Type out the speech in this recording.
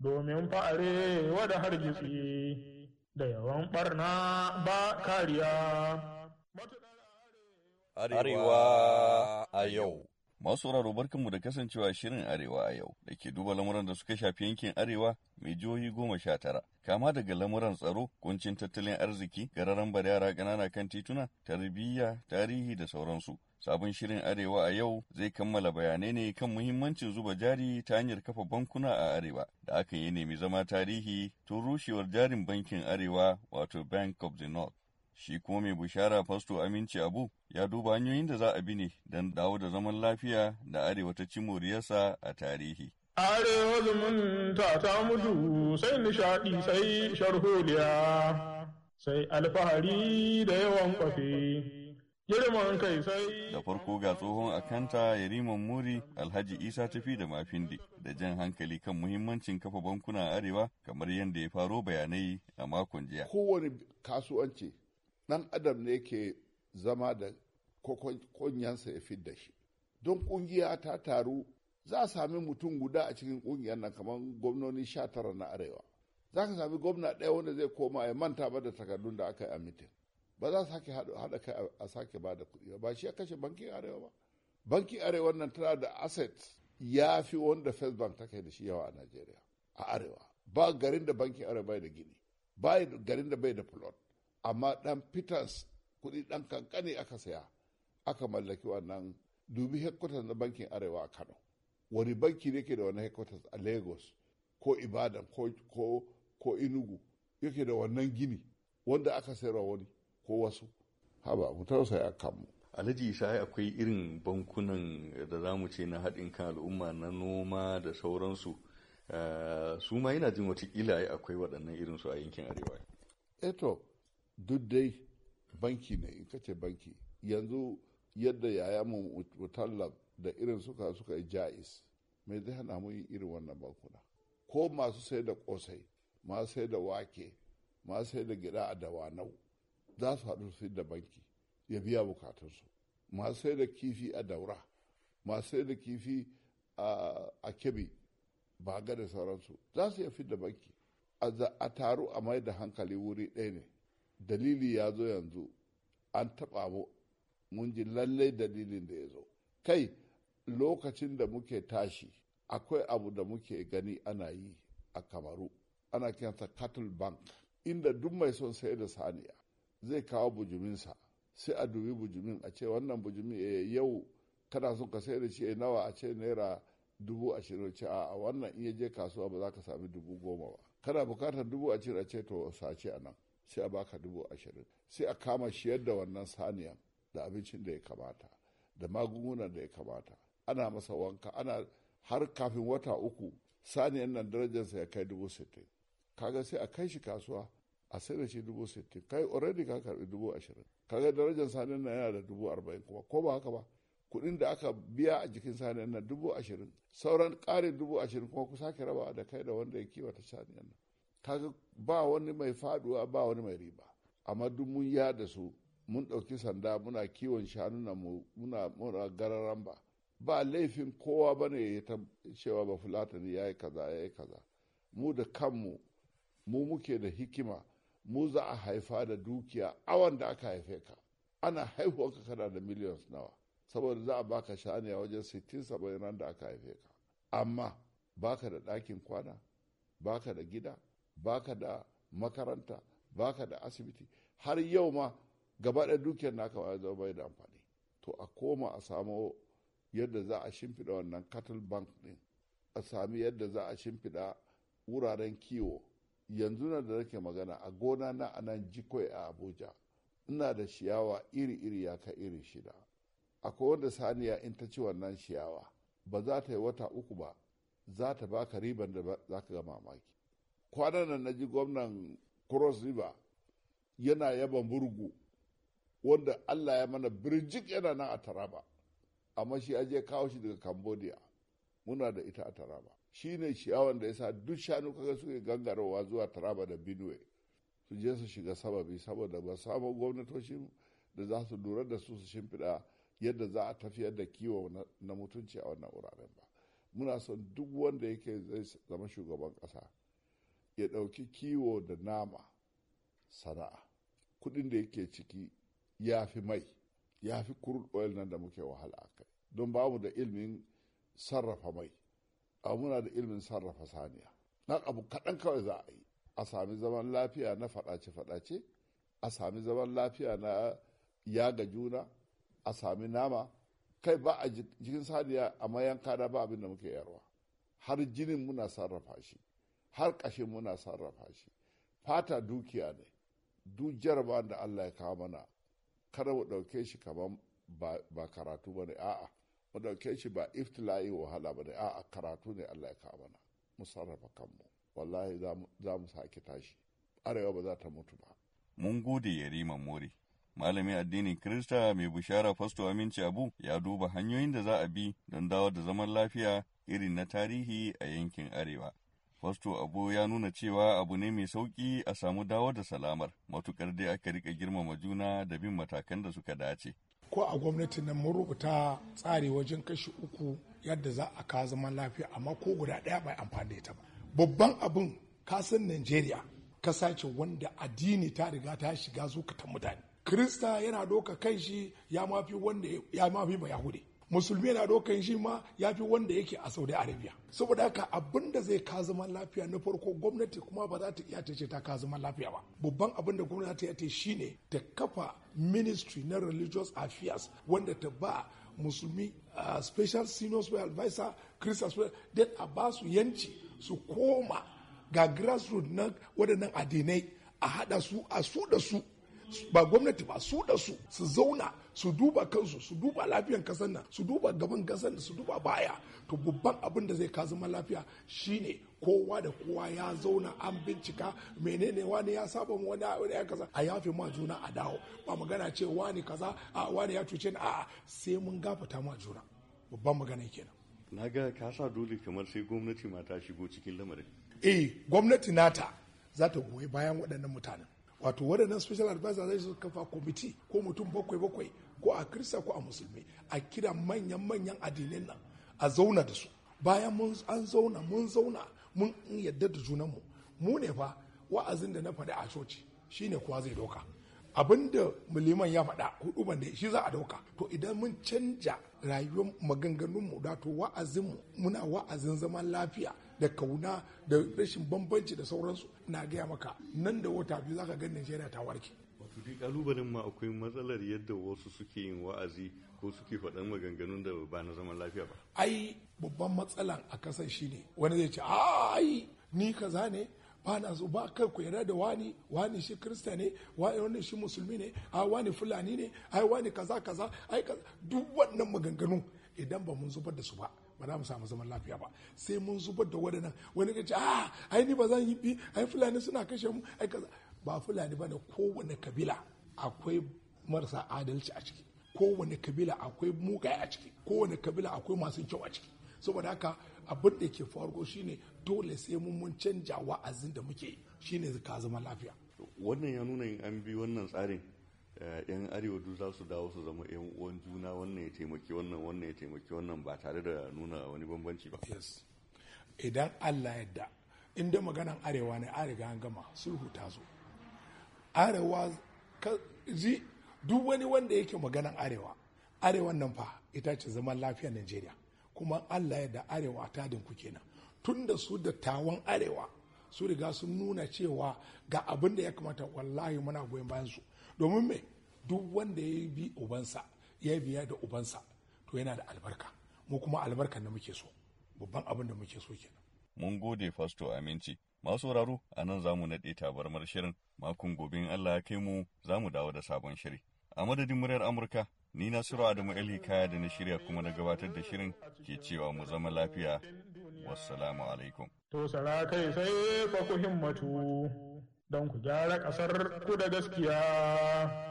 domin fa'are da hargitsi da yawan ɓarna ba kariya. Arewa a yau Masu sauraro barkanmu da kasancewa shirin Arewa a yau da ke duba lamuran da suka shafi yankin Arewa mai jihohi goma sha tara. Kama daga lamuran tsaro, kuncin tattalin arziki, gararan yara ganana kan tituna, tarbiyya, tarihi da sauransu. Sabon shirin Arewa a yau zai kammala bayanai ne kan muhimmancin zuba jari ta hanyar kafa bankuna a Arewa da aka yi nemi zama tarihi tun rushewar jarin bankin Arewa wato Bank of the North. Shi kuma mai bushara Fasto Aminci Abu ya duba hanyoyin da za a bi ne don dawo da zaman lafiya da Arewa ta ci moriyarsa a tarihi. Arewa zumunta ta mutu sai nishaɗi sai sharholiya sai alfahari da yawan kwafi Da farko ga tsohon akanta Yariman Muri Alhaji Isa tafi da mafindi da jan hankali kan muhimmancin kafa bankuna arewa kamar yadda ya faro bayanai a makon jiya. Kowane kasuwanci nan adam ne ke zama da kunyansa ya fidda shi. Don kungiya ta taru za a sami mutum guda a cikin kungiyar nan kamar gwamnoni sha tara na arewa. Za ka sami gwamna ɗaya wanda zai koma ya manta ba da takardun da aka yi a mitin. ba za su sake haɗa kai a sake ba da kuɗi ba shi ya kashe bankin arewa ba bankin arewa nan tana da asset ya fi wanda first bank ta kai da shi yawa a najeriya a arewa ba garin da bankin arewa bai da gini ba garin da bai da plot amma dan peters kuɗi dan kankani aka saya aka mallaki wannan dubi headquarters na bankin arewa a kano wani banki ne ke da wani headquarters a lagos ko ibadan ko ko ko inugu yake da wannan gini wanda aka sayarwa wani ko wasu haba mu tausaya kanmu alhaji shayi akwai irin bankunan da za mu ce na haɗin kan al'umma na noma da sauransu ah, su ma yana jin watakila akwai waɗannan irin su a yankin arewa eto eh duk dai banki ne in kace banki yanzu yadda yaya mu mutallab da irin suka suka yi ja'is mai zai hana mu yin irin wannan bankuna ko masu sai da kosai masu sai da wake masu sai da gida a dawanau za su haɗu su da banki ya biya bukatunsu masu sai da kifi a daura masu sai da kifi a kebe ba ga da sauransu za su iya da banki a taru a mai da hankali wuri ɗaya ne dalili ya zo yanzu an taɓa mu mun ji lallai dalilin da ya zo kai lokacin da muke tashi akwai abu da muke gani ana yi a kamaru ana kiransa cattle bank inda duk mai son sai da saniya zai kawo bujuminsa sai a dubi bujumin a ce wannan bujumin e eh, yau kana son ka sai da shi eh, nawa a ce naira dubu ashirin ce a wannan iya je kasuwa ba za ka sami dubu goma ba kana bukatar dubu ashirin a ce to sace a nan sai a baka dubu ashirin sai a kama shi da wannan saniyan da abincin da ya kamata da magungunan da ya kamata ana masa wanka ana har kafin wata uku saniyan nan darajarsa ya kai dubu sittin kaga sai a kai shi kasuwa a sai da shi dubu sittin kai already ka karbi dubu ashirin kaga darajar sanin na yana da dubu arba'in kuma ko ba haka ba kuɗin da aka biya a jikin sanin na dubu ashirin sauran ƙarin dubu ashirin kuma ku sake raba da kai da wanda ya kiwata saniyar nan kaga ba wani mai faduwa ba wani mai riba amma duk mun ya da su mun ɗauki sanda muna kiwon na muna muna gararan ba ba laifin kowa ba ne ya ta cewa ba fulatani ya yi kaza ya yi kaza mu da kanmu mu muke da hikima mu za a haifa da dukiya awan da aka haife ka ana haihuwanka kana da millions nawa saboda za a baka shaniya wajen 60 ran da aka haife ka amma baka da ɗakin kwana baka da gida baka da makaranta baka da asibiti har yau ma gaba da dukiyar naka ya zama bai da amfani to a koma a samo yadda za a shimfiɗa wannan cattle bank din a sami yadda za a shimfiɗa wuraren kiwo yanzu na da nake magana a gona na a nan jikoi a abuja ina da shiyawa iri-iri ya ka iri shida akwai wanda saniya in ta ci wannan shiyawa ba za ta yi wata uku ba za ta ka riban da za ka ga mamaki kwanan nan na ji gwamnan cross river yana yaban burgu wanda allah ya mana birjik yana nan a taraba amma shi aje kawo shi daga cambodia muna da ita a taraba shine ciyawan da ya sa duk shanu kaga suke gangarowa zuwa taraba da benue su je su shiga sababi saboda ba samu gwamnatoci da za su lura da su su shimfiɗa yadda za a tafiyar da kiwo na mutunci a wannan wuraren ba muna son duk wanda yake zai zama shugaban ƙasa ya ɗauki kiwo da nama sana'a kuɗin da yake ciki ya fi mai ya fi crude oil nan da muke wahala a kai don ba mu da ilimin sarrafa mai a muna da ilimin sarrafa saniya Nan abu kaɗan kawai za a yi a sami zaman lafiya na faɗace-faɗace a sami zaman lafiya na yaga juna a sami nama kai ba a jikin saniya a mayan da ba abin da muke yarwa har jinin muna sarrafa shi har ƙashin muna sarrafa shi fata dukiya ne duk jarabawan da allah ya kawo mana kada mu ɗauke shi kamar ba karatu ba ne a'a mu ɗauke shi ba iftila'i wahala ba ne a'a karatu ne Allah ya kawo mana mu sarrafa kanmu wallahi za mu sake tashi arewa ba za ta mutu ba mun gode yarima more Malamin addinin Kirista mai bishara Fasto Aminci Abu ya duba hanyoyin da za a bi don dawo da zaman lafiya irin na tarihi a yankin Arewa. Fasto Abu ya nuna cewa abu ne mai sauƙi a samu dawo da salamar, matukar dai aka riƙa girmama juna da bin matakan da suka dace. ko a gwamnati na mun rubuta tsari wajen kashe uku yadda za a kawo zaman lafiya amma ko guda ɗaya bai amfani da ita ba babban abin kasan najeriya kasa wanda addini ta riga ta shiga zukatan mutane krista yana doka kan shi ya mafi wanda ya mafi ba yahudi musulmi yana dokan shi ma ya fi wanda yake a saudi arabia saboda haka abin da zai ka zaman lafiya na farko gwamnati kuma ba za ta iya ta ce ta ka zaman lafiya ba babban abin da gwamnati ta iya ta shine ta kafa ministry na religious affairs wanda ta ba musulmi uh, special senior spiritual advisor christian spiritual don a ba su yanci su koma ga grassroot na waɗannan addinai a haɗa su a su da su ba gwamnati ba su da su su zauna su duba kansu su duba lafiyan kasar nan su duba gaban kasar nan su duba baya to babban abin da zai ka zama lafiya shine kowa da kowa ya zauna an bincika menene wani ya saba wani wani ya kaza a yafe ma juna a dawo ba magana ce wani kaza a wani ya cuce ni a'a sai mun gafata ma juna babban magana kenan na ga ka sa dole kamar sai gwamnati ma ta shigo cikin lamarin eh gwamnati nata za ta goyi bayan waɗannan mutanen wato waɗannan special advisor zai su kafa komiti ko mutum bakwai bakwai ko a kirista ko a musulmi a kira manyan manyan addinai nan a zauna da su bayan mun an zauna mun zauna mun yadda da junanmu mu ne fa wa'azin da na faɗi a coci shine kuwa zai doka abinda muliman ya faɗa hudu ban da shi za a dauka to idan mun canja rayuwar maganganunmu da to wa'azinmu muna wa'azin zaman lafiya da kauna da rashin bambanci da sauransu na gaya maka nan da wata biyu zaka ga Najeriya ta warke wato dai kalubalen ma akwai matsalar yadda wasu suke yin wa'azi ko suke faɗan maganganun da ba na zaman lafiya ba ai babban matsalan a kasan shine wani zai ce ai ni kaza ne ba na so ba kar ku yarda da wani wani shi krista ne wani shi musulmi ne a wani fulani ne ai wani kaza kaza ai kaza duk wannan maganganu idan ba mun zubar da su ba ba za mu samu zaman lafiya ba sai mun zubar da waɗannan wani ka ce a ah, ai ni ba zan yi bi ai fulani suna kashe mu ai kaza ba fulani ba da kowane kabila akwai marasa adalci a ciki kowane kabila akwai mugaye a ciki kowane kabila akwai masu kyau a ciki saboda haka abin da ke faruwa shine dole sai mun mun canja wa'azin da muke shine ka zama lafiya wannan ya nuna in an bi wannan tsarin Eh, yan arewa duk za su dawo su zama yan uwan juna wannan ya taimaki wannan wannan ya taimaki wannan ba tare da nuna wani bambanci ba yes idan allah yadda inda maganan arewa ne an riga an gama sulhu ta zo arewa ka ji duk wani wanda yake maganan arewa arewan nan fa ita ce zaman lafiyar najeriya kuma allah yadda arewa ta dinku kenan tun da su dattawan arewa su riga sun nuna cewa ga abin da ya kamata wallahi muna goyon bayan su domin mai duk wanda ya bi ubansa ya biya da ubansa to yana da albarka mu kuma albarkan da muke so babban abin da muke so kenan mun gode fasto aminci masu sauraro a nan za mu naɗe tabarmar shirin makon gobe in Allah ya kai mu za mu dawo da sabon shiri a madadin muryar amurka ni na siro adamu ali kaya da na shirya kuma na gabatar da shirin ke cewa mu zama lafiya wassalamu alaikum to sara kai sai ku himmatu don ku gyara ƙasar ku da gaskiya.